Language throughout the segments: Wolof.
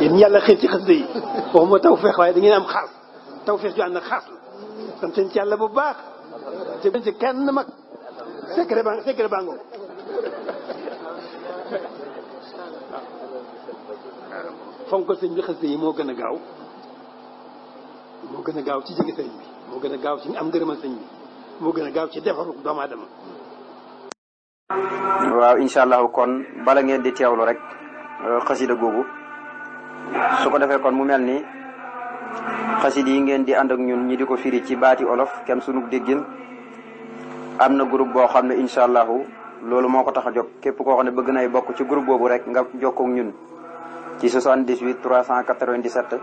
yéen yàlla xëy ci xasida yi waxuma tawfeex waaye da ngeen am xaas tawfeex ju ànd ak xaas la sant ci yàlla bu baax ci ci kenn mag secret baa secret fonk sëñ bi xasida yi moo gën a gaaw moo gën a gaaw ci jege sëñ bi moo gën a gaaw ci am ngërëmal sëñ bi moo gën a gaaw ci defaru doomu waaw incha allahu kon bala ngeen di teewlu rek euh, xasida googu su ko defee kon mu mel ni xasid yi ngeen di ànd ak ñun ñi di ko firi ci baati olof kenn sunu déggin am na groupe boo xam ne incha allahu loolu moo ko tax a jóg képp koo xam ne bëgg nay bokk ci groupe boobu rek nga jokkoog ñun ci 78 397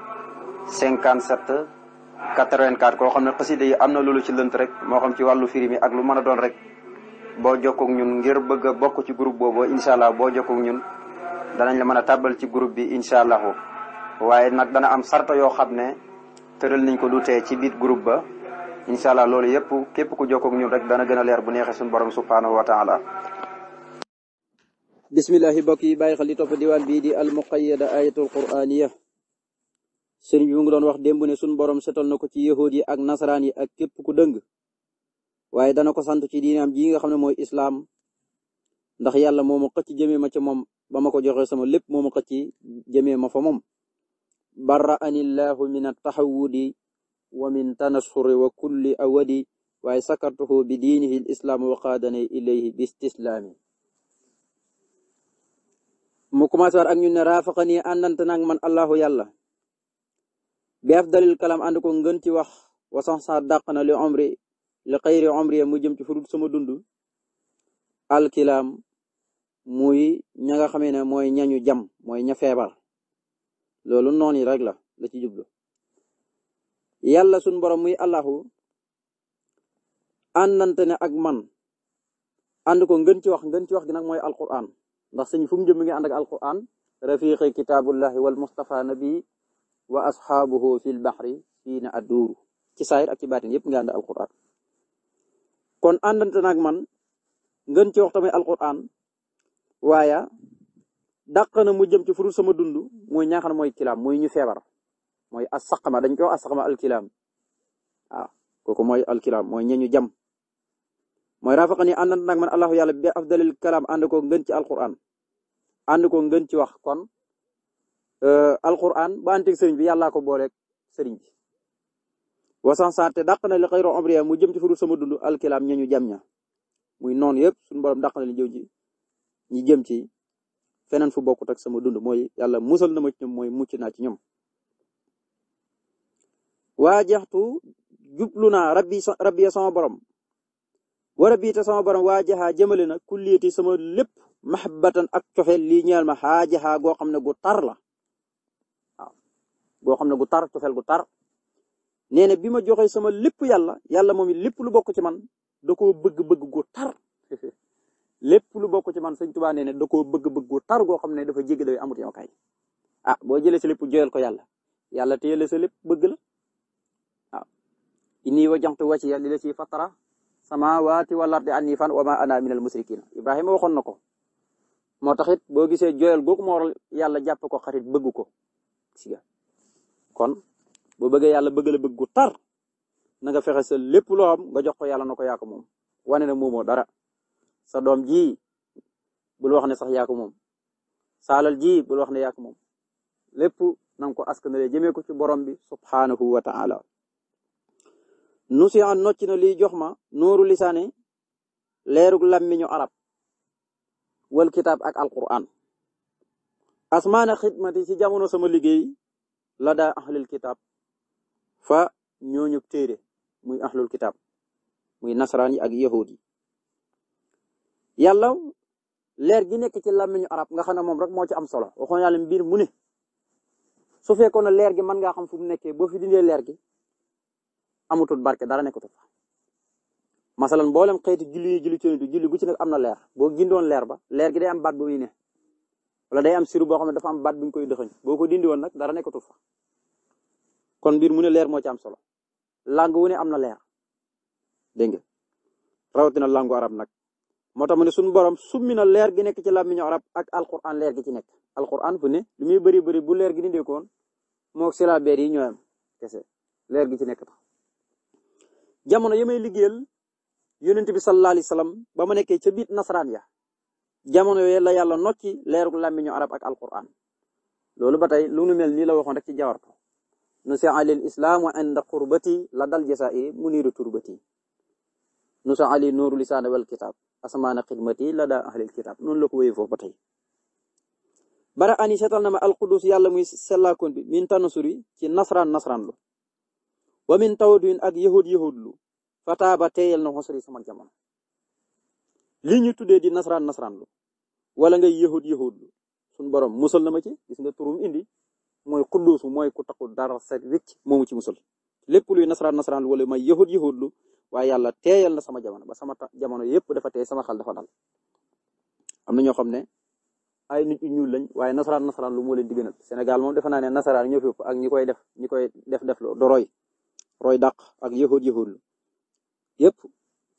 57 84 koo xam ne xasida yi am na loolu ci lënt rek moo xam ci wàllu firi mi ak lu mën a doon rek boo jokkoog ñun ngir bëgg a bokk ci groupe boobu incha allah boo jokkoog ñun danañ la mën a tàbbal ci group bi incha allahu waaye nag dana am sarta yoo xam ne tëral nañ ko du tee ci biir groupe ba incha loolu yëpp képp ku jokkoog ñun rek dana gën a leer bu neexee suñu borom subhaanahu wa taala bismillahi bokk yi bàyyi xel di topp diwaan bii di al muqayyada ayatul quraniya sëriñ bi mu ngi doon wax démb ne suñu borom setal na ko ci yahuud yi ak nasaraan yi ak képp ku dëng waaye dana ko sant ci diinaam ji nga xam ne mooy islaam ndax yàlla moo ma xëcc jëmee ma ca moom ba ma ko joxee sama lépp moo ma xëcc jëmee ma fa moom barra'ani llahu min at-tahawudi wa min tanassuri wa kulli awadi waaye sakartuhu bi diinihi al wa qaadani ilayhi bi istislaami mu commencé war ak ñun ne raafaqani àndante nag man allahu yàlla bi afdalil kalam ànd ko ngën ci wax wasan sa dàq na li omri li xayri omri mu jëm ci furut sama dund alkilaam muy ña nga xamee ne mooy ñañu jam mooy ña feebar loolu noon yi rek la la ci jublu yàlla sun borom muy allahu àndante ne ak man ànd ko ngën ci wax ngën ci wax gi nag mooy alquran ndax sëñ fu mu jëm mi ngi ànd ak alquran rafiqi kitaabullahi wal mustafa nabi wa asxaabuhu fil baxri fiina adduuru ci saayir ak ci baatin yëpp nga ànd alquran kon àndante nag man ngën ci wax tamit alquran waaye dàq na mu jëm ci furu sama dund mooy ñaaxan mooy kilaam mooy ñu feebar mooy asaqma dañ koy wax asaqma alkilaam waaw kooku mooy alkilaam mooy ñeñu jam mooy ni àndant nag man allahu yàlla bi afdalil kalaam ànd ko ngën ci alquran ànd ko ngën ci wax kon euh, alquran ba antik sëriñ bi yàllaa ko booleeg sëriñ bi wasansaate dàq na li xayro omriya mu jëm ci furu sama dund alkilaam ñeñu jam ña muy noonu yëpp suñu borom dàq na li ji ñi jëm ci feneen fu bokkut ak sama dund mooy yàlla musal na ma ci mooy mucc naa ci ñoom waa jaxtu jublu naa rabbi rabbi sama borom wara bii sama borom waa jaxaa jëmale na kulliyati sama lépp maxbatan ak coxeel lii ñeel ma xaa jaxaa goo xam ne gu tar la waaw goo xam ne gu tar coxeel gu tar nee na bi ma joxee sama lépp yàlla yàlla moom it lépp lu bokk ci man da koo bëgg gu tar lépp lu bokk ci man sëñ Tuubaa nee ne da bëgg-bëgg tar goo xam ne dafa jéggi day amut yow kay ah boo jëlee sa lépp jooyal ko yàlla yàlla téye la sa lépp bëgg la waaw ah. inni wajjahtu wajhiya lillazi fatara samaawaati wal ardi haniifan wa maa ana minal mushrikiin Ibrahima waxoon na ko moo tax it boo gisee jooyal googu moo waral yàlla jàpp ko xarit bëgg ko kon boo bëggee yàlla bëgg la bëgg gu tar na nga sa lépp loo xam nga jox ko yàlla na ko yaa moom wane na moomoo dara. sa doom ji bul wax ne sax yaa ko moom ji bul wax ne yaa ko lépp na nga ko askanale jëmee ko ci borom bi subhanahu wa ta'ala. nu si an nocc na li jox ma nuuru lisaane leerug làmmiñu arab wal kitaab ak alquran asmaana xidmati ci jamono sama liggéey la ahlul kitaab fa ñooñu téere muy ahlul kitaab muy nasaraan yi ak yahud yi yàlla leer gi nekk ci làmmiñu arab nga xam ne moom rek moo ci am solo waxoon yàlla mbir mu ne su fekkoon ne leer gi mën ngaa xam fu mu nekkee boo fi dindee leer gi amutul barke dara nekkutul fa masalan mboolem xeeti julli yi julli ci julli gu ci nekk am na leer boo gindoon leer ba leer gi day am baat bu ne wala day am siru boo xam ne dafa am baat bu ñu koy dëxëñ boo ko dindi woon nag dara nekkatul fa kon mbir mu ne leer moo ci am solo langue wu ne am na leer dégg nga rawatina langue arab nag moo tax mu ne suñu borom summi na leer gi nekk ci làmmiñu arab ak alquran leer gi ci nekk alquran fu ne li muy bëri bu leer gi ni dékkoon moo silaabeer yi ñooyam kese leer gi ci nekk tax jamono yi may liggéeyal yonent bi sallallahu alayhi wasallam ba ma nekkee ca biit nasaraan ya jamono ye la yàlla nocci leerug làmmiñu arab ak alquran loolu ba tey lu nu mel nii la waxoon rek ci jawartu nu si alil islaam wa inda qurbati la dal jasaa'i muniru turbati nusa ali nuuru lisaana wal kitaab asamaana xidmati la daa ahlil kitaab noonu la ko wéyee foofu ba tey ani seetal na ma alqudus yàlla muy sellaakoon bi min tanasuri ci nasraan nasraan lu wa min tawaduin ak yahud yahud lu fataaba teeyal na xosri sama jamono lii ñu tuddee di nasaraan nasaraan lu wala ngay yahud yahud lu suñ borom musal na ma ci gis nga turum indi mooy quddusu mooy ku taxul dara set wicc ci musal lépp luy nasaraan nasraan lu wala may yahud waaye yàlla teeyal na sama jamono ba sama jamono yëpp dafa sama xel dafa dal am na ñoo xam ne ay nit ñuul lañ waaye nasaraan nasaraan lu moo leen di gënal Sénégal moom defe naa ne nasaraan ñoo fi ëpp ak ñi koy def ñi koy def def lu do roy roy dàq ak yëhood yëhood lu yëpp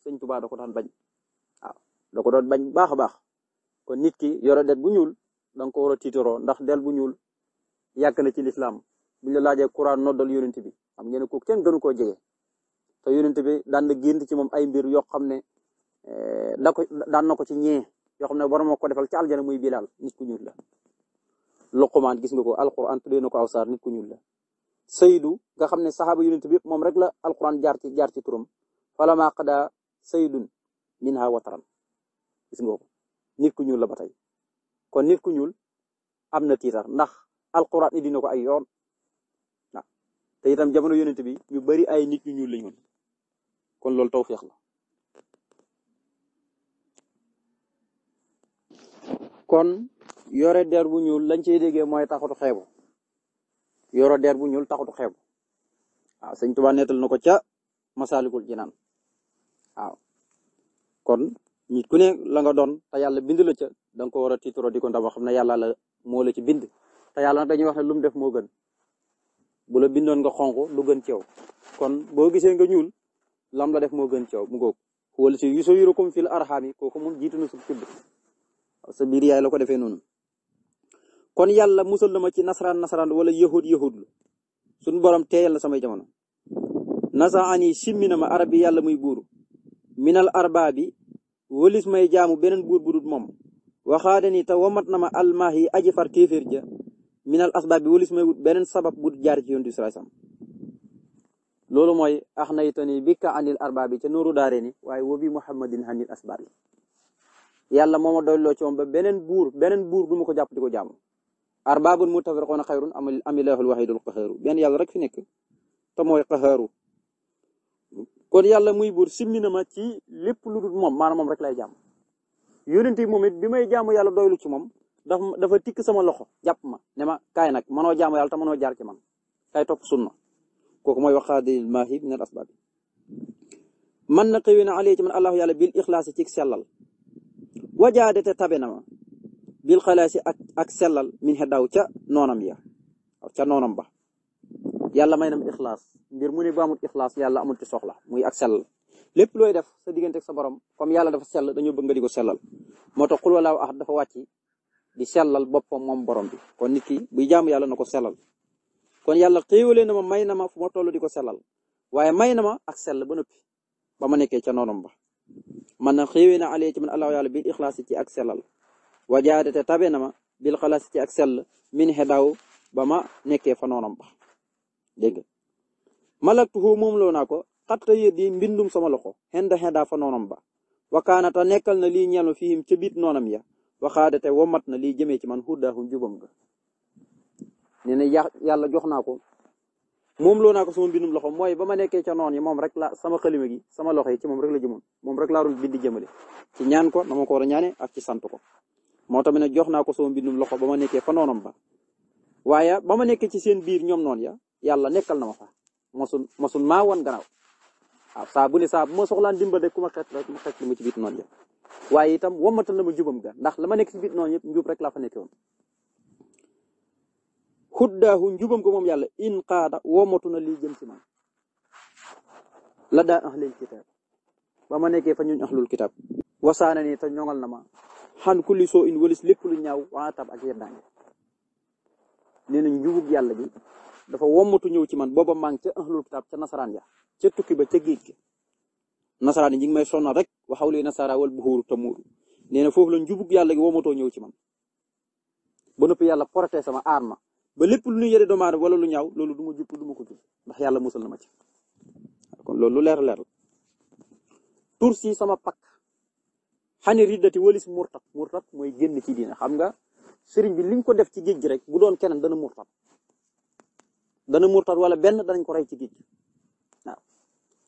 sëñ Tuubaa da ko daan bañ waaw da ko doon bañ baax a baax kon nit ki yore det bu ñuul da ko war a tiitaroo ndax del bu ñuul yàgg na ci lislaam buñ la laajee Quran noddal yonent bi xam ngeen ne kooku kenn gënu koo jege te yonent bi daan na gént ci moom ay mbir yoo xam ne eh, da ko na ko ci ñee yoo xam ne war moo ko defal ci aljana muy bilaal nit ku ñuul la Luqmaan gis nga ko alquran tuddee na ko aw saar nit ku ñuul la saydu nga xam ne saxaaba yonent bi moom rek la alquran jaar ci jaar ci turam falamaa qadaa saydun minha wataran gis nga nit ku ñuul la ba tey kon nit ku ñuul am na tiitar ndax alquran indi na ko ay yoon te itam jamono yonent bi ñu bari ay nit ku ñuul la ñoon kon loolu tawféex la kon yore der bu ñuul lañ cey déggee mooy taxutu xeebu yoro der bu ñuul taxutu xeebu waaw sëñ Tuubaa na ko ca Masaalikul Jinaan waaw kon nit ku ne la nga doon te yàlla bind la ca da nga ko war a tiitaroo di ko xam ne yàlla la moo ci bind te yàlla nag dañuy wax lu mu def moo gën bu bindoon nga xonq lu gën ci kon boo gisee nga ñuul lam la def moo gën ci yow mu góog wala si yusawirukum fil arham yi kooku moom na su tibb sa biir yaay la ko defee noonu kon yàlla musal na ma ci nasaraan nasaraan wala yahud yahud lu borom te na samay jamono nasaani simmi na ma arabi yàlla muy buuru minal arbaa bi may jaamu beneen buur bu dul moom waxaade ni te wamat na ma almaahi aji far kéeféer ja minal asbaab bi wëlis may wut beneen sabab bu jaar ci yoon sam loolu mooy axnaytani bika anil arbaabi ca nuuru daare ni waaye wa bi muhammadin anil asbaabi yàlla moo ma doyloo ci moom ba beneen buur beneen buur du ma ko jàpp di ko jaamu arbaabun mutafarriqoona xayrun amillahul wahidul qahaaru benn yàlla rek fi nekk te mooy qahaaru kon yàlla muy buur simmi na ma ci lépp lu du moom maanaam moom rek lay jaamu yonent yi moom bi may jaamu yàlla doylu ci moom dafa dafa tikk sama loxo jàpp ma ne ma kaay nag mënoo jaamu yàlla te mënoo jaar ci man kay kooku mooy waxaadil maahi min man na xëy na alayhi ci man allahu yàlla bil ixlaasi ci sellal wajaadate tabe na ma bil xalaasi ak ak sellal min xedaaw ca noonam ya ca noonam ba yàlla may na ixlaas mbir mu ne ba amul ixlaas yàlla amul ci soxla muy ak sellal lépp looy def sa diggante sa borom comme yàlla dafa sell dañoo bëgg nga di ko sellal moo tax xul walaaw ahad dafa di sellal boppam moom borom bi kon nit ki buy jaamu yàlla na sellal kon yàlla xéewalee na ma may na ma fu ma toll di ko sellal waaye may na ma ak sell ba noppi ba ma nekkee ca noonam ba man na xéewee na alee man allahu yàlla bil ixlaasi ci ak sellal wajaadate tabe na ma bil xalaasi ci ak sell min xedaaw ba ma nekkee fa noonam ba dégg nga malaktuhu moom loo naa ko xatta yët yi mbindum sama loxo xenda xedaa fa noonam ba wakaanata nekkal na lii ñeel ma fihim ca biit noonam ya waxaadate womat na lii jëmee ci man xuddaaxum jubam ga nee na yàlla jox naa ko moom loo naa ko sama mbindum loxo mooy ba ma nekkee ca noon yi moom rek la sama xalima gi sama loxo yi ci moom rek la jëmoon moom rek laa doon bind jëmale ci ñaan ko na ma war a ñaane ak ci sant ko moo tamit nag jox naa ko sama mbindum loxo ba ma nekkee fa noonam ba waaye ba ma nekkee ci seen biir ñoom noon ya yàlla nekkal na ma fa mosul mosul maa woon gannaaw waaw saa bu ne saa bu ma soxlaan dimbal rek ku ma xet rek ma xet lu ma ci biir noonu ya waaye na ma jubam la ma nekk ci biir noonu yëpp njub rek la fa nekkee xuddaahu njubam ko moom yàlla in qaada woomatu na lii jëm ci man la daa ahlil kitaab ba ma nekkee fa ñooñ ahlul kitaab wasaana ni te ñoŋal na ma xan kulli soo in walis lépp lu ñaaw waa tab ak yeddaange nee na njubug yàlla gi dafa wommatu ñëw ci man booba maa ngi ca ahlul kitaab ca nasaraan ya ca tukki ba ca géej gi nasaraan yi ñu ngi may sonal rek waxaw li nasara wal buxuuru tamuuru nee na foofu la njubug yàlla gi wommatoo ñëw ci man ba noppi yàlla proté sama aar ma ba lépp lu ñu yëre doomu aadama wala lu ñaaw loolu duma ma jupp du ma ko jub ndax yàlla musal na ma ci kon loolu lu leer leer la tur si sama pakk xani riddati walis murtat murtat mooy génn ci diine xam nga sëriñ bi liñ ko def ci géej gi rek bu doon keneen dana murtat dana murtat wala benn danañ ko rey ci géej gi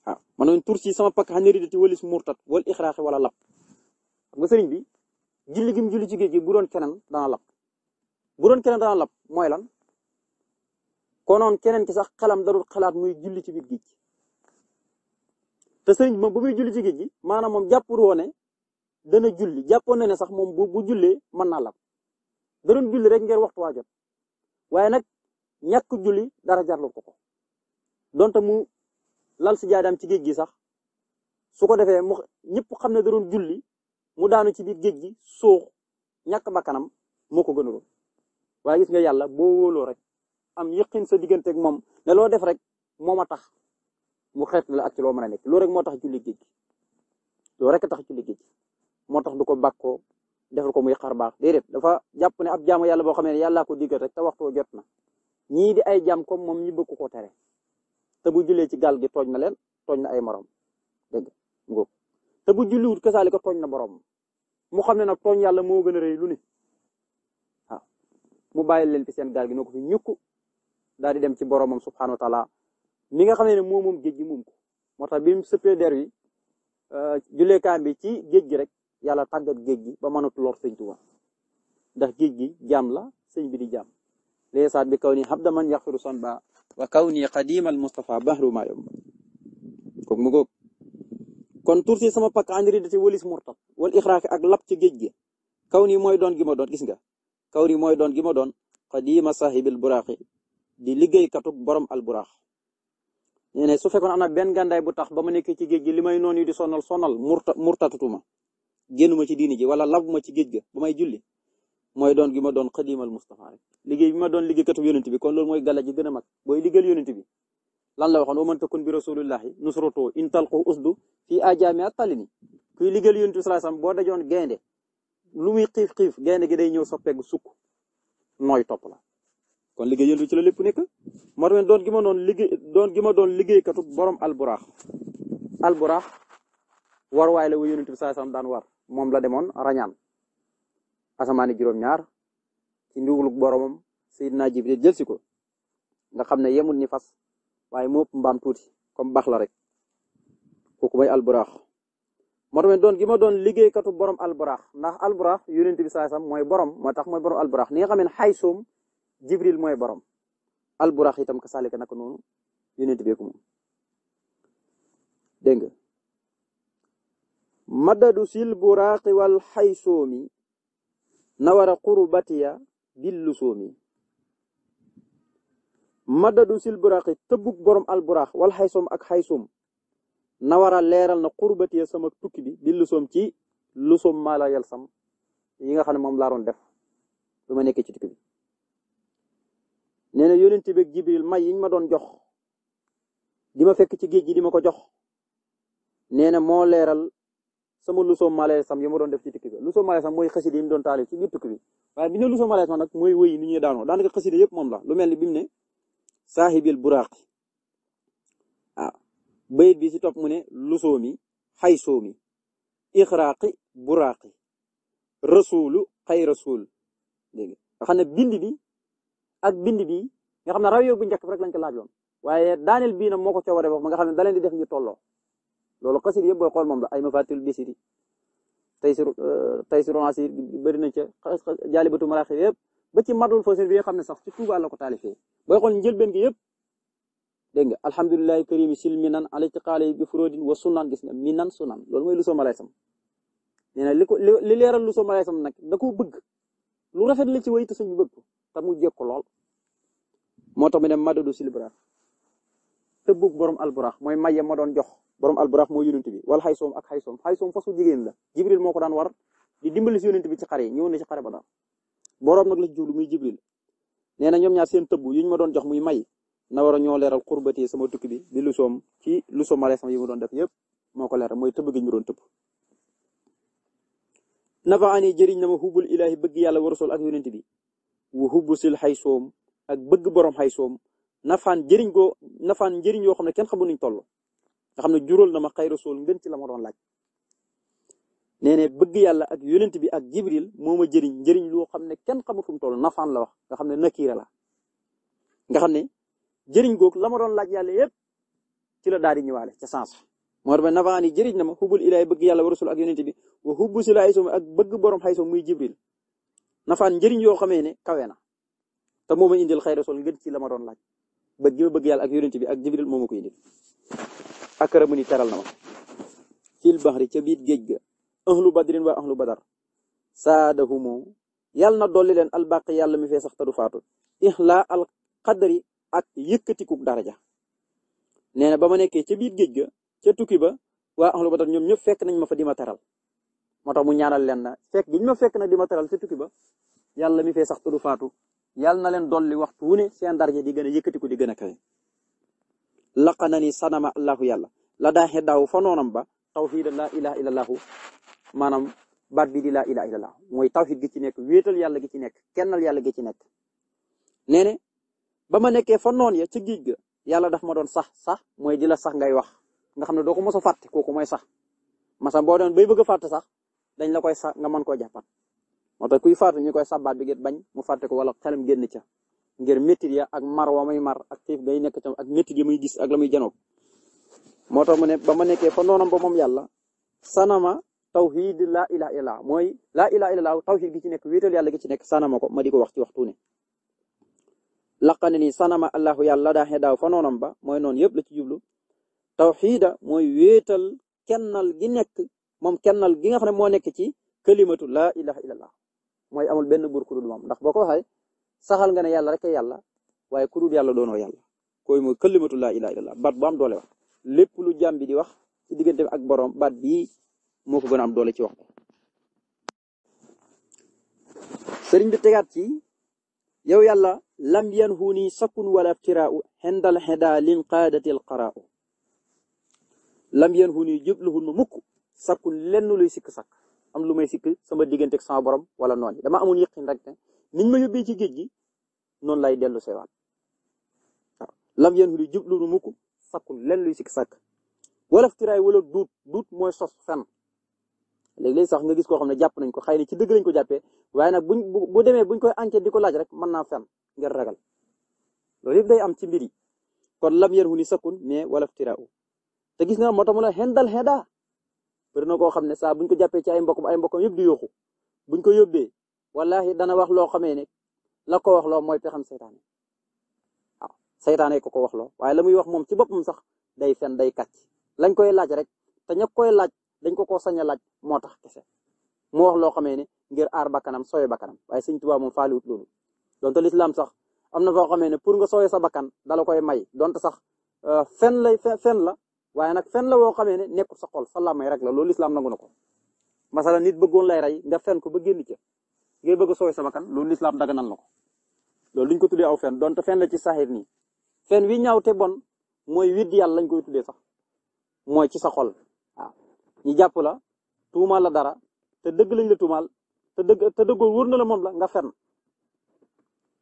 waaw noon tur si sama pakk xani riddati walis murtat wal ixraaxi wala lap nga sëriñ bi julli gi mu gi bu doon keneen dana lap bu doon keneen dana lap mooy lan konoon keneen ki sax xelam darul xalaat muy julli ci biir géej gi te sëriñ moom bu muy julli ci géej maanaam moom jàppul woon ne dana julli jàppoon na ne sax moom bu bu jullee mën naa lab da doon julli rek ngeen waxtu waa jot waaye nag ñàkk julli dara jarlu ko ko donte mu lal si jaadaam ci géej gi sax su ko defee mu xam ne da doon julli mu daanu ci biir géej gi suux ñàkk bakkanam moo ko gënaloon waaye gis nga yàlla boo wóoloo rek am yëqin sa digganteeg moom ne loo def rek moom a tax mu xeet la ak ci loo mën a nekk loolu rek moo tax julli géej rek tax julli géej gi moo tax du ko bàkkoo defal ko muy xar baax déedéet dafa jàpp ne ab jaamu yàlla boo xam ne yàllaa ko diggal rek te waxtu jot na ñii di ay jaam comme moom ñi bëgg ko tere te bu jullee ci gaal gi tooñ na leen tooñ na ay morom dégg nga te bu julliwut kasaali ko tooñ na borom mu xam ne nag tooñ yàlla moo gën a rëy lu ne waaw mu bàyyi leen fi seen gaal gi noo ko fi ñukku daal di dem ci boromam subxanahu wa mi nga xam ne moom moom géej gi moom ko moo tax bi mu sëppee der wi euh, julleekaam bi ci géej gi rek yàlla tàggat géej gi ba mënatu lor sëñ Tuubaa ndax géej gi jaam la sëñ bi di jaam léegi saat bi kaw nii habda man yaxfiru son ba wa kaw nii qadimal Mustafa bahru ma yomb kooku mu góog kon tur si sama pakk andiri da walis murtab wal ixraaqi ak lap ci géej gi kaw nii mooy doon gi ma doon gis nga kaw nii mooy doon gi ma doon qadima sahibil buraqi di liggéeykatu borom alburaax nee ne su fekkoon am na benn gàndaay bu tax ba ma nekk ci géej gi li may noonu di sonal sonal murta murtatutuma génnuma ci diini ji wala labuma ci géej ga ba may julli mooy doon gi ma doon xadimal Mustafa rek liggéey bi ma doon liggéeykatu yonent bi kon loolu mooy gala ji gën a mag booy liggéeyal bi lan la waxoon wa man takun bi rasulillahi nusratu in talqu usdu fi ajaami at-talini kuy liggéeyal yonent bi sallallahu alayhi wasallam boo dajoon gaynde lu muy xiif xiif gaynde gi day ñëw soppeeku sukk nooy topp la kon liggéey yonent ci la lépp nekk moo tax doon gi ma doon liggéey doon gi ma doon liggéeykatu borom alburaax alburaax war waay la wu yonent bi sam daan war moom la demoon rañaan asamaani juróom-ñaar ci ndiwulu boromam Seydina Jibril jël si ko nga xam ne yemul ni fas waaye moo ëpp mbaam tuuti comme baax la rek kooku mooy alburaax moo tax doon gi ma doon liggéeykatu borom alburaax ndax alburaax yonent bi saa sam mooy borom moo tax mooy borom alburaax ni nga xam ne xaysoom jibril mooy borom alburax itam ka saalika naka noonu yonent bi ko moom dégg nga madadu sil buraqi wal xaysoomi nawara qurbatiya billu soomi madadu sil buraqi tëbbug borom alburax wal xaysoom ak na nawara leeral na qurbatiya sama tukki bi billu soom ci lu soom maa la yal sam yi nga xam ne moom laa def lu ma nekkee ci tukki bi nee na yónent bi ak jibril may yiñ ma doon jox di ma fekk ci géej gi di ma ko jox nee na moo leeral sama lusoom malaisam yi ma doon def ci tukki bi lusoom malaisam mooy xasida yi doon taalif ci biir tukki bi waaye bi ñu lusoom mooy wëy ni ñuy daanoo daanaka xasida yëpp moom la lu mel ni bi mu ne saaxibil buraaqi waaw ah, bayit bi si topp mu ne lusoomi xaysoomi ixraaqi buraaqi rasuulu xay rasuul dégg nga xam ne bind bi ak bind bi nga xam ne raw yow bu njëkk rek lañ ko laajoon waaye daaneel bii nag moo ko coobare bopp nga xam ne da leen di def ñu tolloo loolu xasir yëpp booy xool moom la ay mafatil bisiri taysiru euh, taysiru asir bëri na ca jaalibatu maraaxi yëpp ba ci madul fasil bi nga xam ne sax ci Tuuba la ko taalifee booy xool njëlbeen gi yëpp dégg nga alhamdulilahi karimi sil minan alitiqaali bi furodin wa sunan gis nga minan sunan loolu mooy lu soo malay sam li ko li leeral lu soo malay sam nag da koo bëgg lu rafet la ci wayta suñu bëgg ko te mu jekk lool moo tax mu ne madadu silburax tëbbug borom alburax mooy maye ma doon jox borom alburax mooy yonent bi wala xaysoom ak xaysoom xaysoom fasu jigéen la jibril moo ko daan war di dimbali si yonent bi ci xare yi ñëwoon na ci xare ba borom nag la jublu muy jibril nee na ñoom ñaar seen tëbb yu ñu ma doon jox muy may na war a ñoo leeral xurbati sama tukki bi bi lusoom ci lusoom male sama yi ma doon def yëpp moo ko leeral mooy tëbb gi ñu doon tëbb nafa ani jëriñ na ma xubul ilaahi bëgg yàlla wa rasul ak yonent bi wa xubbu sil xaysoom ak bëgg borom xay soom nafaan njëriñ goo nafaan njëriñ yoo xam ne kenn xamu nuñ toll nga xam ne juróol na ma xay sool ngeen ci la ma doon laaj nee ne bëgg yàlla ak yonent bi ak jibril moo ma jëriñ njëriñ loo xam ne kenn xamu mu toll nafaan la wax nga xam ne nakiira la nga xam ne jëriñ goog la ma doon laaj yàlla yépp ci la daal di ñëwaale ca sens moo tax nafaan yi na ma xubul ilaay bëgg yàlla wa rasul ak yonent bi wa xubbu si laay soom ak bëgg borom xay soom muy jibril nafaan njëriñ yoo xamee ne kawe na te moo ma indil xayra sol ngeen ci la ma doon laaj bëgg gi ma bëgg yàlla ak yonent bi ak jibril moo ma ko indil akramani teral na ma fil bahri ca biir géej ga ahlu badrin wa ahlu badar saadahumu yàlla na dolli leen albaq yàlla mi fee sax te du faatu al qadri ak yëkkatikuk daraja nee na ba ma nekkee ca biir géej ga ca tukki ba waa ahlu badar ñoom ñëpp fekk nañ ma fa di ma teral moo tax mu ñaanal leen na fekk giñ ma fekk na di ma teral ca tukki ba yàlla mi fa sax te du faatu yàlla na leen dolli waxtu wu ne seen daraja di gën a yëkkatiku di gën a kawe laqa na ni sanama allahu yàlla la daaxe daaw fa noonam ba tawxiid laa ilaha illallahu maanaam baat bi di laa ilaha illallah mooy tawxiid gi ci nekk wéetal yàlla gi ci nekk kennal yàlla gi ci nekk nee ne ba ma nekkee fa noon ya ci géej ga yàlla daf ma doon sax sax mooy di la sax ngay wax nga xam ne doo ko mos a fàtte kooku mooy sax masa boo doon bay bëgg a fàtte sax dañ la koy sax nga mën koo jàppaat moo tax kuy faatu ñu koy sabbaat bi ngeen bañ mu fàtte ko wala xelam génn ca ngir métit ya ak mar wa muy mar ak xiif day nekk ca ak métit yi muy gis ak la muy janoog moo tax mu nekk ba ma nekkee fa noonam ba moom yàlla sanama tawhid laa ilaha illallah mooy laa ilaha illallah tawhid gi ci nekk wéetal yàlla gi ci nekk sanama ko ma di ko wax ci waxtu ne ni sanama allahu yàlla daa xee daaw fa noonam ba mooy noonu yëpp la ci jublu tawxiida mooy wéetal kennal gi nekk moom kennal gi nga xam ne moo nekk ci kalimatu laa ilaha illallah mooy amul benn buur ku ndax boo ko waxee saxal nga ne yàlla rek yàlla waaye ku dul yàlla doonoo yàlla koy mooy kalimatu laa ilaaha illallah baat bu doole wax lépp lu jàmm bi di wax ci diggante ak borom baat bii moo ko gën am doole ci wax sëriñ bi tegaat ci yow yàlla lam yanhuni sakun wala ibtiraa'u xendal xedaa lin qaadati alqaraa'u lam yanhuni jubluhun ma mukk sakun lenn luy sikk sakk am lu may sikk sama digganteeg sama borom wala noonu dama amoon yëqin rek ne niñ ma yóbbee ci géej gi noonu lay dellu seewaat waaw lam yéen di jublu nu mukk sakkul lenn luy sikk sàkk wala tiraay wala duut duut mooy sos fen léeg-léeg sax nga gis koo xam ne jàpp nañ ko xay na ci dëgg lañ ko jàppee waaye nag buñ bu demee buñ koy enquête di ko laaj rek mën naa fen ngir ragal loolu yëpp day am ci mbir kon lam yéen wu ni sakkul wala tiraay te gis nga moo tax mu ne xendal xendaa bëri na koo xam ne saa buñ ko jàppee ci ay bokk ay mbokkam yëpp di yóoxu buñ ko yóbbee wallahi dana wax loo xamee ne la ko wax loo mooy pexam seytaane waaw seytaane ko ko wax loo waaye la muy wax moom ci boppam sax day fen day kàcc lañ koy laaj rek te ña koy laaj dañ ko koo sañ a laaj moo tax kese mu wax loo xamee ne ngir aar bakkanam sooy bakkanam waaye sëñ Tuubaa moom faaliwut loolu donte lislaam sax am na foo xamee ne pour nga sooyee sa bakkan dala koy may donte sax euh, fen lay fen la waaye nag fen la woo xamee ne nekkul sa xol sa rek la loolu lislaam nangu na ko masala nit bëggoon lay rey nga fen ko ba génn ca ngay bëgg a sooy sa bakkan loolu lislaam nan na ko loolu duñ ko tuddee aw fen donte fen la ci saaxir nii fen wi ñaaw te bon mooy widdi yàlla lañ koy tuddee sax mooy ci sa xol waaw ñu jàpp la tuumaal la dara te dëgg lañ la tuumaal te dëgg te dëggoo wóor la moom la nga fen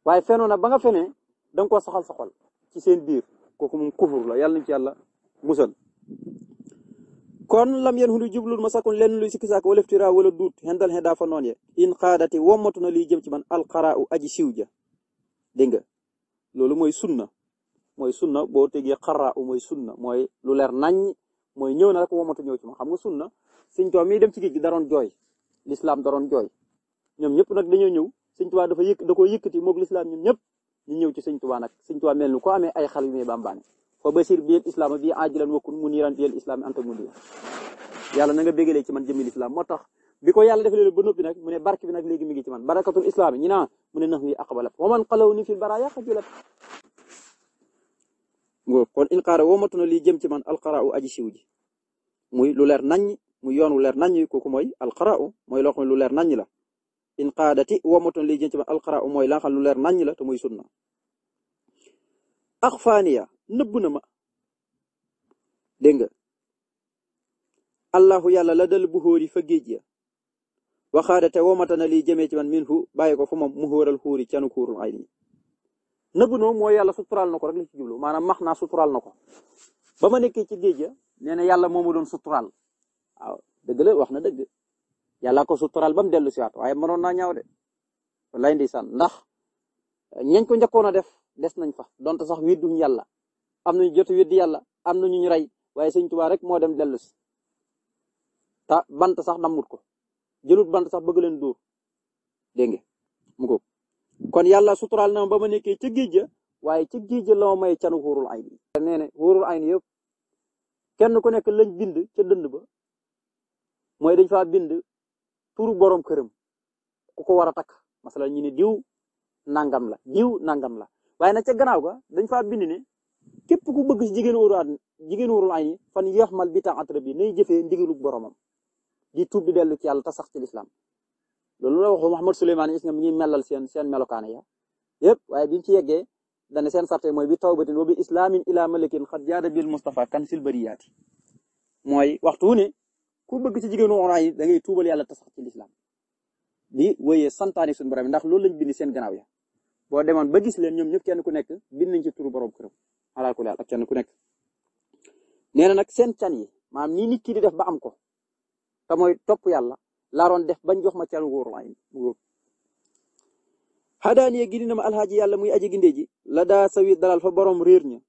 waaye fenoo na ba nga fenee da nga koo saxal sa xol ci seen biir kooku moom kufur la yàlla nañ ci yàlla kon lam yen lu jublul ma sakun lenn luy sikki saak wala iftira wala duut xendal xendaa fa noon ye in xaadati wommatu na liy jëm ci man alxaraa u aji siw ja dégg nga loolu mooy sunna mooy sunna boo tegee xaraa u mooy sunna mooy lu leer nañ mooy ñëw na rek wommatu ñëw ci man xam nga sunna sëñ Tuubaa mii dem ci géej gi daroon jooy lislaam daroon jooy ñoom ñëpp nag dañoo ñëw sëñ Tuubaa dafa yëkk da koo yëkkati moog lislaam ñoom ñëpp ñu ñëw ci sëñ Tuubaa nag sëñ Tuubaa mel ni ko amee ay xal yu muy fa basir bil a bi ajilan wakkun muniran bil islaami anta munir yàlla na nga bégalee ci man jëmmi lislaam moo tax bi ko yàlla defalee ba noppi nag mu ne barke bi nag léegi mi ngi ci man barakatul islaami ñi naa mu ne nax wi aqbalat wa man xalaw ni fil bara yaqajulat ngoo kon inqaara woomatu na lii jëm ci man alqara'u aji siw ji muy lu leer nañ muy yoon wu leer nañ kooku mooy alqara'u mooy loo xam ne lu leer naññ la inqaadati woomatu na lii jëm ci man alqara'u mooy la xam lu leer naññ la te muy sunna nëbb na ma dégg nga allahu yàlla la dal bu xóori fa géej ya waxaade te womata na lii jëmee ci man min fu bàyyi ko fa moom mu xóoral xuuri canu xuurul ay nii nëbb noo moo yàlla suturaal na ko rek la ci jublu maanaam max naa suturaal na ko ba ma nekkee ci géej ya nee na yàlla moo ma doon suturaal waaw dëgg wax na dëgg yàlla ko suturaal ba mu dellu si waat waaye mënoon naa ñaaw de wallaay san ndax ñañ ko njëkkoon a def des nañ fa donte sax wedduñ yàlla am nañu jot weddi yàlla am na ñu ñu rey waaye sëñ Tuubaa rek moo dem dellu si ta bant sax namut ko jëlut bant sax bëgg leen dóor dégg nga mu ko kon yàlla suturaal na ba ma nekkee ca géej ja waaye ca géej ja la ma may canu xuurul ay bi nee ne xuurul ay yëpp kenn ku nekk lañ bind ca dënd ba mooy dañ faa bind turu borom këram ku ko war a takk masala ñu ne diw nangam la diw nangam la waaye nag ca ga dañ faa bind ne képp ku bëgg jigéen wóoru at jigéen wóoru ay ni fan yaxmal bi tax atra bi nay jëfee ndigalug boromam di tuub di dellu ci yàlla te sax ci lislaam loolu la waxu Mouhamed Souleymane gis nga mi ngi melal seen seen melokaan ya yëpp waaye bi ñu ci yeggee dana seen sarte mooy bi tawbatin wa bi islaamin ila malikin xad jaada bil Mustafa kan sil bariyaati mooy waxtu wu ne ku bëgg ci jigéenu wóoru ay da ngay tuubal yàlla te sax ci lislaam di wéyee santaani suñu borom ndax loolu lañ bind seen gannaaw ya boo demoon ba gis leen ñoom ñëpp kenn ku nekk bind nañ ci turu borom këram alaakulaal ak kenn ku nekk. nee na nag seen can yi maanaam nii nit di def ba am ko te mooy topp yàlla laa def bañ jox ma can wóor laay wóor. xadaaniya gi dina ma alxaaji yàlla muy aji gindee ji la daa sawi dalal fa borom réer ña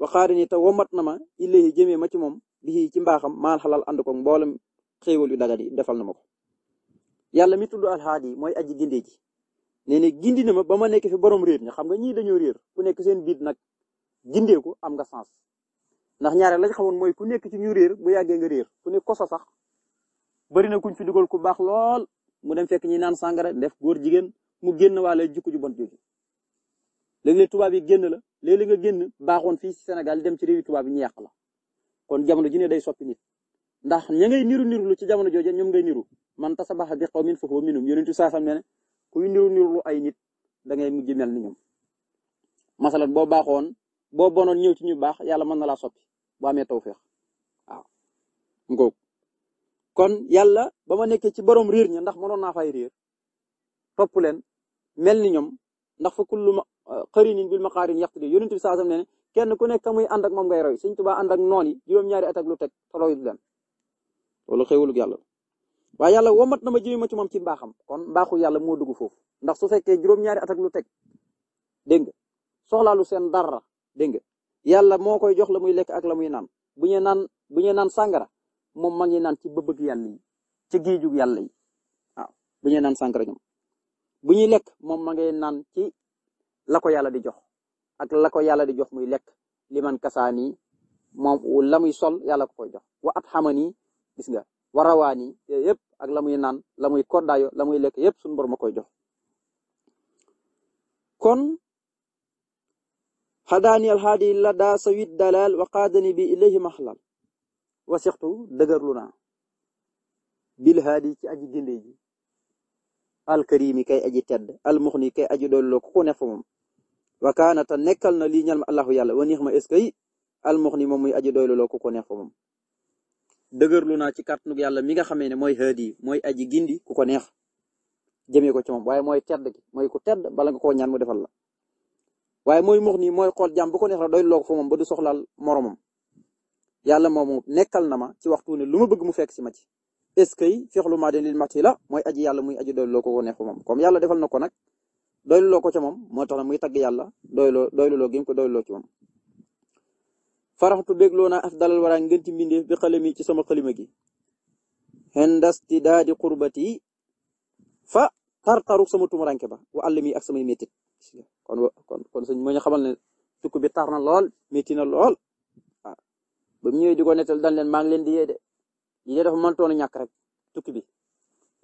waxaadani te womat na ma illahi jëmee ma ci moom bii ci mbaaxam maal xalal ànd ko mboolem xéewal yu defal na ma ko yàlla mi tudd alxaaji mooy aji gindee ji nee gindi na ma ba ma nekk fi borom réer ña xam nga ñii dañoo réer ku nekk seen biid nag gindeeku am nga sens ndax ñaareel lañ xawoon mooy ku nekk ci ñu réer bu yàggee nga réer ku ne koso sax bari na kuñ fi dugal ku baax lool mu dem fekk ñi naan sàngara def góor jigéen mu génn waale jikko ju bant jooju léeg-léeg tubaab yi génn la léeg-léeg nga génn baaxoon fii ci dem ci réewi tubaab yi ñu yàq la kon jamono ji ne day soppi nit ndax ña ngay niru niru lu ci jamono jooju ñoom ngay niru man tasabaha bi qawmin fa huwa minhum yonentu saa sam ne ne kuy niru niru ay nit da ngay mujj mel ni ñoom masalan boo baaxoon boo bonoon ñëw ci ñu baax yàlla mën na laa soppi boo amee tawféex waaw ngóog kon yàlla ba ma nekkee ci borom riir ña ndax mënoon naa fay riir topp leen mel ni ñoom ndax fa kullu ma xarinin bil maqaarin yaqtadi yonent bi saasam ne kenn ku nekk muy ànd ak moom ngay roy Sëñ Tuubaa ànd ak noon yi juróom-ñaari at lu teg te royul leen loolu xéwalug yàlla waaye yàlla womat na ma jëmee ma ci moom ci mbaaxam kon mbaaxu yàlla moo dugg foofu ndax su fekkee juróom-ñaari at ak lu teg dégg dégg nga yàlla moo koy jox la muy lekk ak la muy naan bu ñu naan bu ñu naan sàngara moom ma ngi naan ci bëbëg yàlla yi ci géejug yàlla yi waaw bu ñu ñoom bu ñuy lekk moom ma ngay naan ci lako ko yàlla di jox ak lako ko yàlla di jox muy lekk li man kasaani moom la muy sol yàlla ko koy jox wa at ni gis nga warawaan ni yëpp ak la muy naan la muy koddaayo la muy lekk yëpp suñu borom ma koy jox kon xadaani alxaadi lada sawit dalal wa qaadani bi ilayhi maxlal wasixtu dëgërlu naa bil haadi ci aji ginde ji alkarimi kay aji tedd almuxni kay aji dolloo ku ko ne fa moom wa ta nekkal na lii ñal ma allahu yàlla wa nix ma est-ce que almuxni moom muy aji doyloo ku ko ne fa moom dëgërlu naa ci kàttanu yàlla mi nga xamee ne mooy haadi mooy aji gindi ku ko neex jëmee ko ci moom waaye mooy tedd gi mooy ku tedd bala nga koo ñaan mu defal la waaye mooy mux nii mooy xool jàmm ko neex rek doy loo ko fa moom ba du soxlaal moromam yàlla moomu nekkal na ma ci waxtu ne lu ma bëgg mu fekk si ma ci est-ce que fexlu ma den lil mati la mooy aji yàlla muy aji doy ko ko neex fa moom comme yàlla defal na ko nag doy loo ko ca moom moo tax na muy tagg yàlla doy loo doy loo gi mu ko doy ci moom faraxtu bégloo naa af dalal waraa ngeen ci mbindeef bi xalami ci sama xalima gi xendasti daadi xurbati fa tartaru sama tumuranke ba wa àll mi ak samay métit kon kon kon sëñ moo ñu xamal ne tukk bi tar na lool métti na lool waaw ba mu ñëwee di ko nettal dañ leen maa ngi leen di yee de yee dafa mëntoon a ñàkk rek tukki bi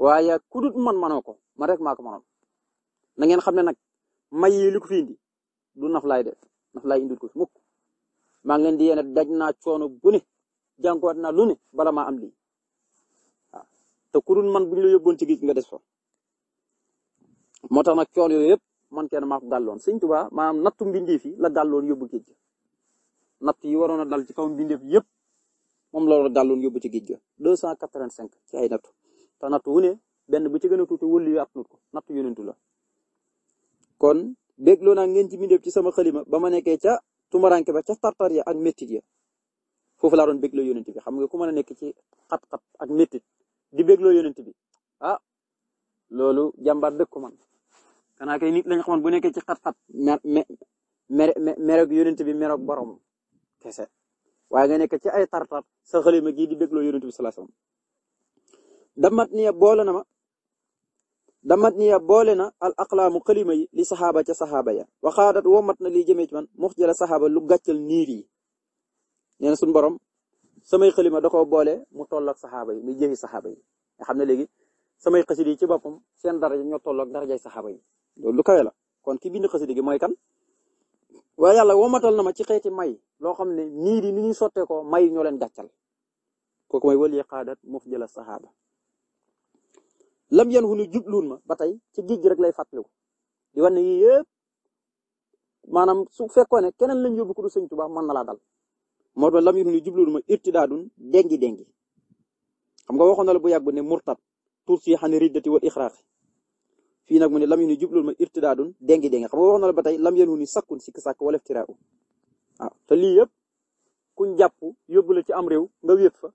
waaye ku dut man manoo ko man rek maa ko mënoon na ngeen xam ne nag may yi li fi indi du naf laay de naf lay indil ko fi mukk maa ngi leen di yee ne daj naa coono bu ne jànkuwaat naa lu ne bala ma am lii waaw te man bu ñu la yóbboon ci géej nga des fa moo tax nag coono yooyu man kenn maa ko gàlloon sëñ Tuubaa maanaam nattu mbindeef yi la gàlloon yóbbu géej ga natt yi waroon a dal ci kaw mbindeef yëpp moom la war a gàlloon yóbbu ci géej ga deux cent quatre vingt cinq ci ay nattu te nattu wu benn bu ci gën a tuuti wëllu yu atnut ko nattu yonentu la kon bégloo naa ngeen ci mbindeef ci sama xalima ba ma nekkee ca tumaranke ba ca tartar ya ak méttit ya foofu la doon bégloo yonent bi xam nga ku mën a nekk ci xat-xat ak méttit di bégloo yonent bi ah loolu jàmbaar dëkk ko man xanaa kay nit lañ xamoon bu nekkee ci xat-xat mer mer meroog yonent bi meroog borom kese waaye nga nekk ci ay tar sa xalima gii di bégloo yonent bi sallallahu alayhi wasallam damat niya boole na ma damat niya boole na al aqlaamu xalima yi li saxaaba ca saxaaba ya waxaadat woo mat na liy jëmee ci man mux jëla saxaaba lu gàccal niir yi nee na suñu borom samay xalima da koo boole mu toll ak saxaaba yi muy jëfi saxaaba yi nga xam ne léegi samay xasit yi ci boppam seen daraja ñoo toll ak darajay saxaaba yi loolu lu kawe la kon ki bind xasida gi mooy kan waaye yàlla womatal na ma ci xeeti may loo xam ne nii di ni ñuy sottee ko may ñoo leen gàccal kooku mooy wali xaadat muf jëla saxaaba lam yan xunu jubluun ma ba tey ci géej rek lay fàttaliku di wane yii yëpp maanaam su fekkoon ne keneen lañ yóbbu ko du sëñ Tuubaa mën na laa dal moo tax lam yan xunu jubluun ma irtidaadun dengi dengi xam nga waxoon na la bu yàgg ne murtad tur si xane riddati wal ixraaqi fii nag mu ne lam yu ni jubluwul ma irtidaadun dengi dengi xam nga wax na la tey lam yenu ni sakkun sikk sàkk wala iftiraa waaw te lii yëpp kuñ jàpp yóbbu ci am réew nga wéet fa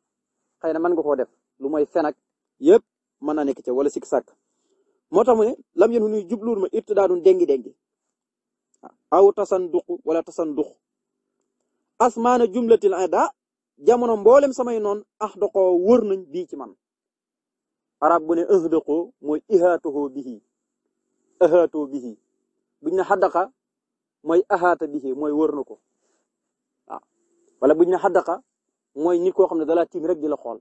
xëy na man nga koo def lu may fen ak yëpp mën na nekk ca wala sikk sàkk moo tax mu ne lam yenu ni jubluwul ma irtidaadun dengi dengi aw tasanduq wala tasanduq asmaana jumlatil ada jamono mboolem samay noon ax doqoo wër nañ bii ci man arab bu ne ax doqoo mooy ihaatuhoo ahaatoo bihi buñ ne xaddaqa mooy ahaata bihi mooy wër na ko waaw wala buñ ne xaddaqa mooy nit koo xam ne dalaa tiim rek di la xool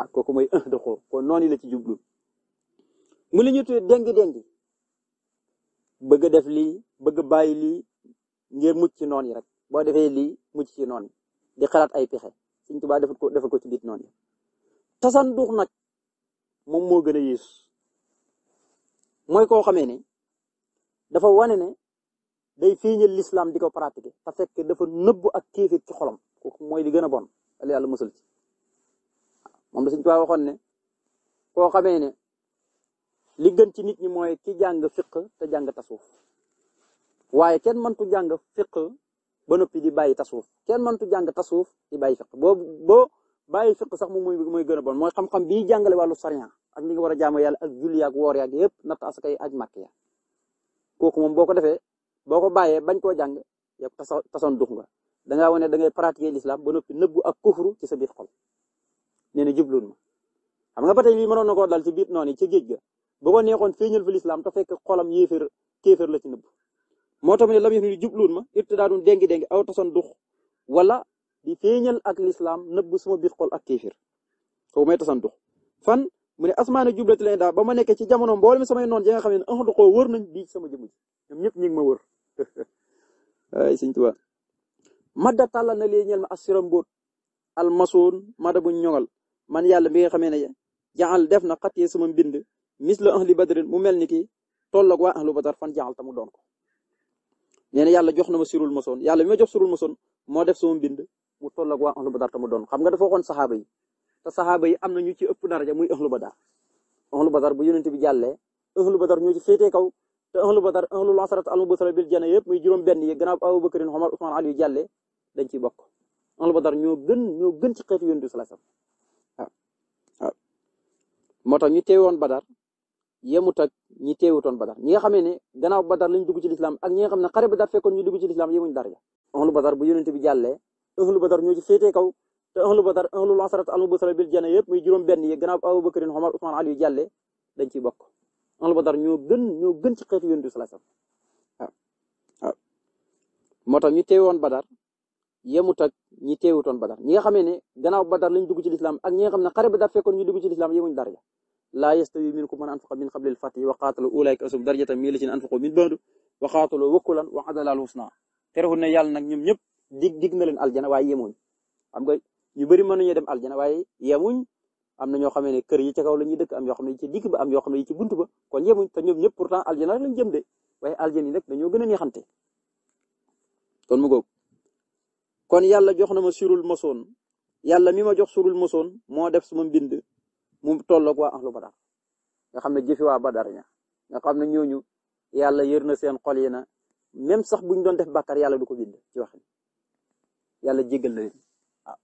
ah kooku mooy un de xoo kon noonu la ci jublu mu la ñu tuddee déngi-déngi bëgg a def lii bëgg a bàyyi lii ngir ci noon yi rek boo defee lii mucc ci noon di xalaat ay pexe Sëñ Tuubaa defal ko defal ko ci biir noon yi tasanduux nag moom moo gën a yées mooy koo xamee ne dafa wane ne day feeñal lislaam di ko pratiquer te fekk dafa nëbbu ak kéefit ci xolam kooku mooy di gën a bon ala yàlla musal ci moom la suñ tubaab waxoon ne koo xamee ne li gën ci nit ñi mooy ki jàng fiq te jàng tasuuf waaye kenn mëntu jàng fiq ba noppi di bàyyi tasuuf kenn mëntu jàng tasuuf di bàyyi fiq boo boo bàyyi fiq sax moom mooy gën a bon mooy xam-xam bi jàngale wàllu sariya ak li war a jaamu yàlla ak julli ak woor yaak yëpp natt asaka yi aj màkk ya kooku moom boo ko defee boo ko bàyyee bañ koo jàng yow tasoon dux nga da ngaa wane da ngay pratiquer l'islam ba noppi nëbbu ak kufru ci sa biir xol nee na jubluun ma xam nga ba tey lii mënoon na koo dal ci biir noonu ci géej ga boo ko neexoon feeñal fi l'islam te fekk xolam yéeféer kéeféer la ci nëbb moo tax mu ne lam yéen ni jubluun ma it daa doon déngi di feeñal ak lislaam nëbb suma biir xol ak kéefir kooku may tasandux fan mu ne asmaane jublati leen daal ba ma nekkee ci jamono mboolem samay noon ya nga xam ne axandu nañ bii sama jëmm ji ñoom ñëpp ñu ngi ma wër ay sëñ na lii ñeel ma asiram mbóot almasoon madda yàlla bi nga xamee ne jaxal def na xatee sama mbind mis la ahli badrin mu mel ni ki tolloog waa ahlu badar fan jaxal ta mu doon ko nee na yàlla jox na ma sirul masoon yàlla bi ma jox sirul masoon moo def sama mbind mu toll ak waa ahlu badar te mu doon xam nga dafa waxoon saxaaba yi te saxaaba yi am na ñu ci ëpp daraja muy ahlu badar ahlu badar bu yonent bi jàllee ahlu badar ñoo kaw te ahlu badar ahlu lasarat al mubasara bil janna yëpp muy juróom benn yi gannaaw Abu Bakrin Omar Usmaan Ali dañ ciy bokk ahlu badar ñoo gën ñoo gën ci xeetu yonent bi sallallahu alayhi wasallam moo tax ñu teewoon badar yemut ak ñi teewutoon badar ñi nga xamee ne gannaaw badar lañ dugg ci lislaam ak ñi nga xam ne xare badar fekkoon ñu dugg ci lislaam yemuñ daraja ahlu badar bu yonent bi jàllee ahlu badar ñoo ci féetee kaw te ahlu badar ahlu lasarat al mubasara bil janna yëpp muy juróom benn yi gannaaw Abu Bakrin Omar Ousmane Aliou jàlle dañ ciy bokk ahlu badar ñoo gën ñoo gën ci xeetu yonent bi sallallahu alayhi wasallam waaw moo tax ñu teewoon badar yemut ak ñi teewutoon badar ñi xamee ne gannaaw badar lañ dugg ci lislaam ñi nga ne xare badar fekkoon ñu dugg ci lislaam daraja laa yastawi min qabli al-fathi wa qaatala ulaa'ika ashabu darajatan min allaziina anfaqu min ba'du wa qaatalu wa kullan wa'ada Allaahu al-husnaa terewul ne yàlla nag dig dig na leen aljana waaye yemuñ xam nga yu bëri mënuñu dem aljana waaye yemuñ am na ñoo xamee ne kër yi ca kaw la ñuy dëkk am yoo xam ne yi ci digg ba am yoo xam ne yi ci buntu ba kon yemuñ te ñoom ñëpp pourtant aljana rek lañ jëm de waaye aljana yi nag dañoo gën a neexante kon mu góob kon yàlla jox na ma sirul masoon yàlla mi ma jox surul mosoon moo def suma mbind mu tolloog waa ahlu badar nga xam ne jëfi waa badar ña nga xam ne ñooñu yàlla yër na seen xol yi na même sax buñ doon def bakar yàlla du ko bind ci wax yàlla jégal na leen waaw ah,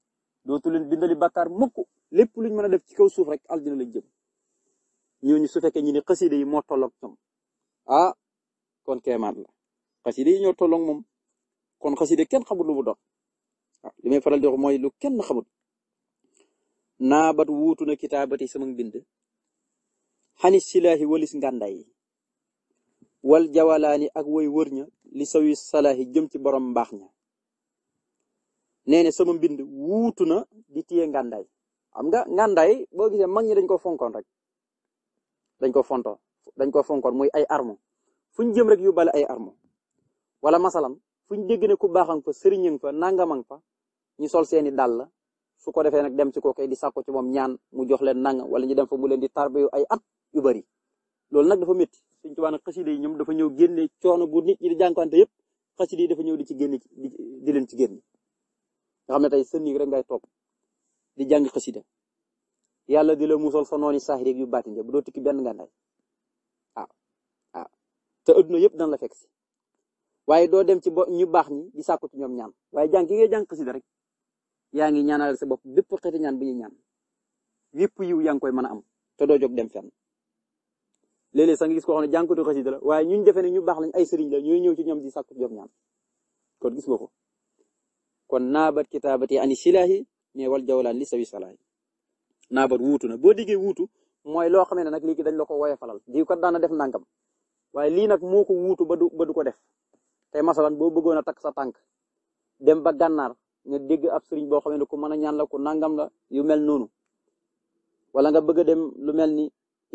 dootu leen bindali bàkkaar mukk lépp luñ mën a def ci kaw suuf rek aljana la jëm ñooñu su fekkee ñu ne xasida yi moo tolloog ñoom ah kon keemaan la xasida yi ñoo tolloog moom kon xasida kenn xamul lu mu dox waaw ah, li may faral di wax mooy lu kenn xamul naabat wuutu na kitaabati sama mbind xanis silaahi walis ngàndaay yi wal jawalaani ak woy wër ña li sawi salaahi jëm ci borom mbaax ña nee ne sama mbind wuutu na di téye ngàndaay xam nga ngàndaay boo gisee mag ñi dañ ko fonkoon rek dañ ko fontoon dañ ko fonkoon muy ay armo fu jëm rek yu yóbbaale ay armo wala masalan fu ñu dégg ne ku baaxang fa sëriñang fa nangamang fa ñu sol seeni dàll su ko defee nag dem ci kooku di sàkku ci moom ñaan mu jox leen nang wala ñu dem fa mu leen di tarbiyu ay at yu bari loolu nag dafa métti suñ tubaa nag xasida yi ñoom dafa ñëw génne coono bu nit ñi di jànkuwante yëpp xasida dafa ñëw di ci génne di leen ci génne nga xam ne tey sën yi rek ngay toog di jàng xasida yàlla di la musal sa noonu saaxir yu baatin bu doo tukki benn ngànnaay waaw waaw te adduna yëpp dan la fekk si waaye doo dem ci bo ñu baax ñi di sàkku ñoom ñaan waaye jàng gi ngay jàng xasida rek yaa ngi ñaanal sa bopp bépp xeeti ñaan bi ñuy ñaan yépp yiw yaa ngi koy mën a am te doo jog dem fenn léeg-léeg sax nga gis ne xam ne jàngkatu xasida la waaye ñun defe ne ñu baax lañ ay sëriñ la ñuy ñëw ci ñoom di sàkku ci ñoom ñaan kon gis nga ko kon naabat kitaabati ani silaahi mais wal jawlaan li sawi salaahi naabat wuutu na boo diggee wuutu mooy loo xam ne nag léegi dañ la ko woyofalal di ko daan def nangam waaye lii nag moo ko wuutu ba du ko def tey masalan boo bëggoon a takk sa tànk dem ba gànnaar nga dégg ab sëriñ boo xam ne ku mën a ñaan la ku nangam la yu mel noonu wala nga bëgg a dem lu mel ni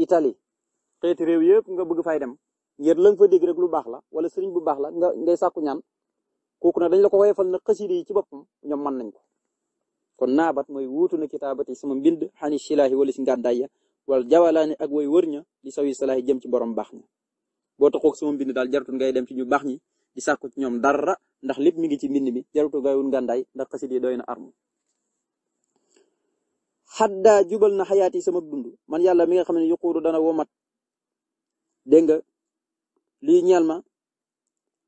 itali xeeti réew yëpp nga bëgg fay dem ngir la nga fa dégg rek lu baax la wala sëriñ bu baax la nga ngay sàkku ñaan kooku nag dañ la ko woyefal na xasida yi ci boppam ñoom man nañ ko kon naabat mooy wuutu na kitaabati sama mbind xani silaahi wala si ngàddaay ya wala jawalaani ak woy wër ña li sawi silaahi jëm ci borom baax ña boo taxoo sama mbind daal jarutul ngay dem ci ñu baax ñi di sàkku ñoom dara ndax lépp mi ngi ci mbind mi jarutul gaawul ngàndaay ndax xasida yi doy na armu xaddaa jubal na xayaat yi sama dund man yàlla mi nga xam ne yuquuru dana womat dégg nga lii ñeel ma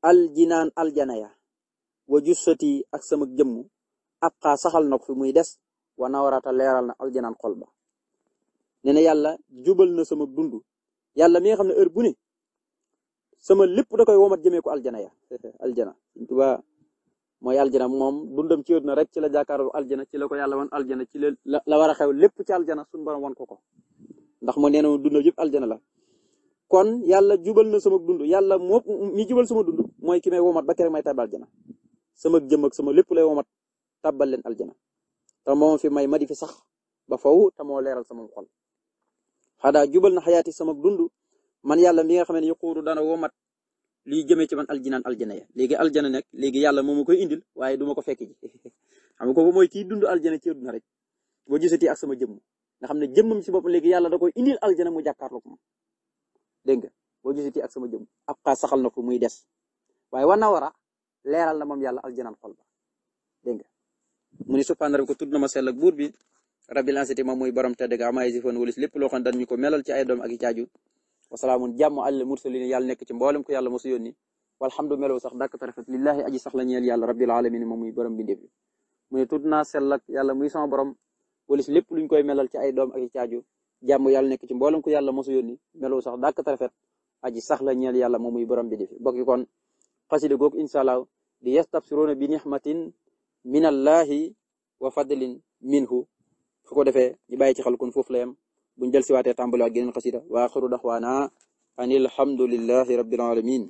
aljinaan aljanaya wa jussati ak sama jëmm ab xaa saxal na ko fi muy des wa nawaraata leeral na aljanaan xol ba yàlla jubal na sama dund yàlla mi nga xam ne heure bu ne sama lépp da koy womat jëmee ko aljana ya aljana Sëñ Tuubaa mooy aljana moom dundam ci na rek ci la jàkkaarloo aljana ci la ko yàlla wan aljana ci la la war a xew lépp suñu borom wan ko ko ndax moo nee na la kon yàlla jubal na sama dund yàlla moo mi jubal sama dund mooy ki womat ba kere may tabal aljana sama jëm ak sama lépp lay womat tàbbal leen aljana te moo fi may ma di fi sax ba faw te moo leeral sama xol xadaa jubal na xayaati sama dund man yàlla mi nga xam ne yuquuru dana womat liy jëmee ci man aljinaan aljana ya léegi aljana nag léegi yàlla moo ma koy indil waaye duma ko fekk ji xam nga kooku mooy kii dund aljana ci na rek boo gisati ak sama jëmm nga ne jëmmam ci boppam léegi yàlla da koy indil aljana mu jàkkaarloo ko dégg nga boo gisati ak sama jëmm ab saxal na ko muy des waaye wana wara leeral na moom yàlla aljanaan xol ba dégg nga rabbi na ma sell ak buur bi rabbil ansati moom muy borom tedd ga amaay sifoon walis lépp loo xam ne ko melal ci ay doom ak i caaju wasalaamun jàmm àll mursalin yàlla nekk ci mboolem ko yàlla mosu yónni walhamdu sax dàkk tarafet aji sax la ñeel yàlla rabbil alamin moom muy borom bindéef bi mu ne tudd naa sell ak yàlla muy sama borom walis lépp luñ koy melal i caaju jàmm yàlla nekk ci mboolem ko yàlla mosu yónni meloo sax dàkk la ñeel yàlla bi bokk kon xasida googu incha li yastabsiruuna bi nixmatin min allahi wa fadlin minhu su ko defee ñu bàyyi ci xel kon foofu la yem buñ jël siwaatee tàmbali ak geneen xasida wa axiru daxwaana an ilhamdulillahi rabbil alamin